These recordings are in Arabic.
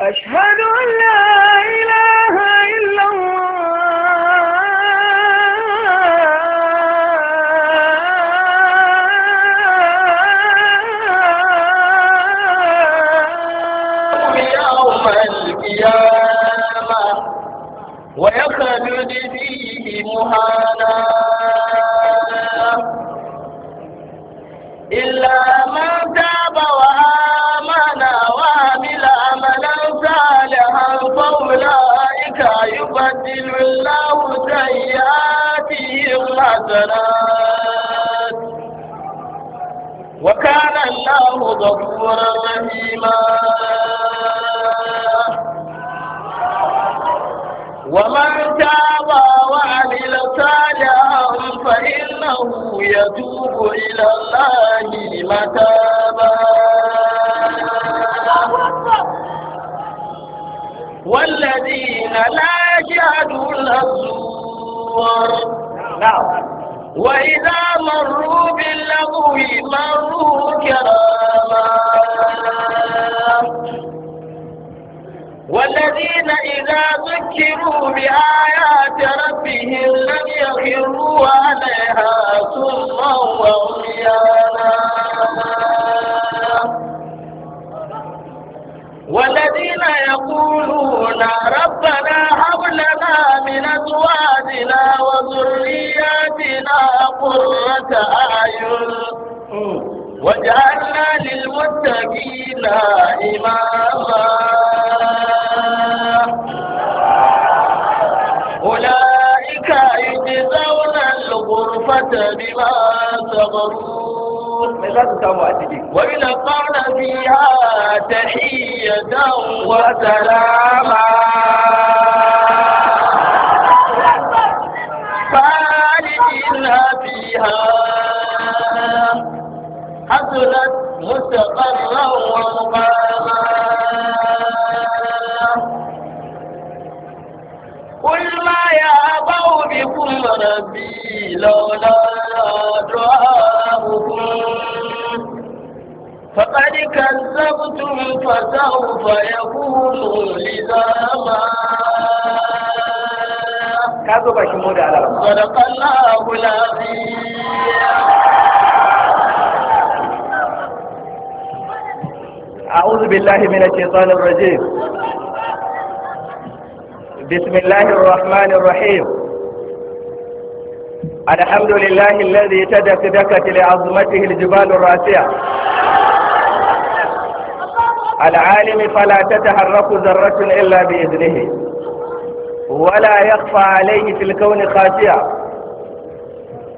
أشهد أن لا إله إلا الله يوم القيامة ويخلد فيه مهانا إلا الحسنات وكان الله غفورا رحيما ومن تاب وعمل صالحا فإنه يتوب إلى الله متابا والذين لا يشهدون الزور نعم وإذا مروا باللغو مروا كراما والذين إذا ذكروا بآيات ربهم لم يخروا عليها سرا وعميانا والذين يقولون ربنا هب لنا من أزواجنا قرة أعين واجعلنا للمتقين إماما أولئك يجزون الغرفة بما صبروا ويلقون فيها تحية وسلاما مستقرا ومقاما قل ما يعبأ بكم ربي لولا دعاؤكم فقد كذبتم فسوف يكون لزاما صدق الله العظيم بالله من الشيطان الرجيم بسم الله الرحمن الرحيم الحمد لله الذي تدك دكت لعظمته الجبال الراسعة العالم فلا تتحرك ذرة إلا بإذنه ولا يخفى عليه في الكون خاشعة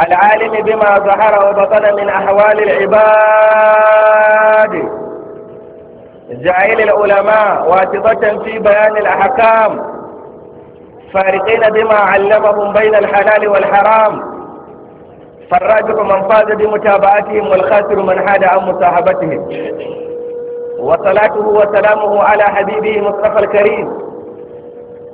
العالم بما ظهر وبطن من أحوال العباد جعل العلماء واسطة في بيان الأحكام فارقين بما علمهم بين الحلال والحرام فالراجح من فاز بمتابعتهم والخاسر من حاد عن مصاحبتهم وصلاته وسلامه على حبيبه مصطفى الكريم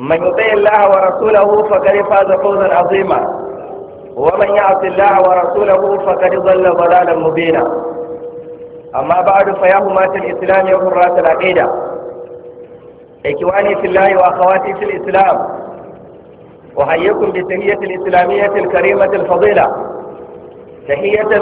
من يطيع الله ورسوله فقد فاز فوزا عظيما ومن يعص الله ورسوله فقد ضل ضلالا مبينا أما بعد فيا في الإسلام وحراس العقيدة إخواني في الله وأخواتي في الإسلام أحييكم بتحيه الإسلامية الكريمة الفضيلة تحية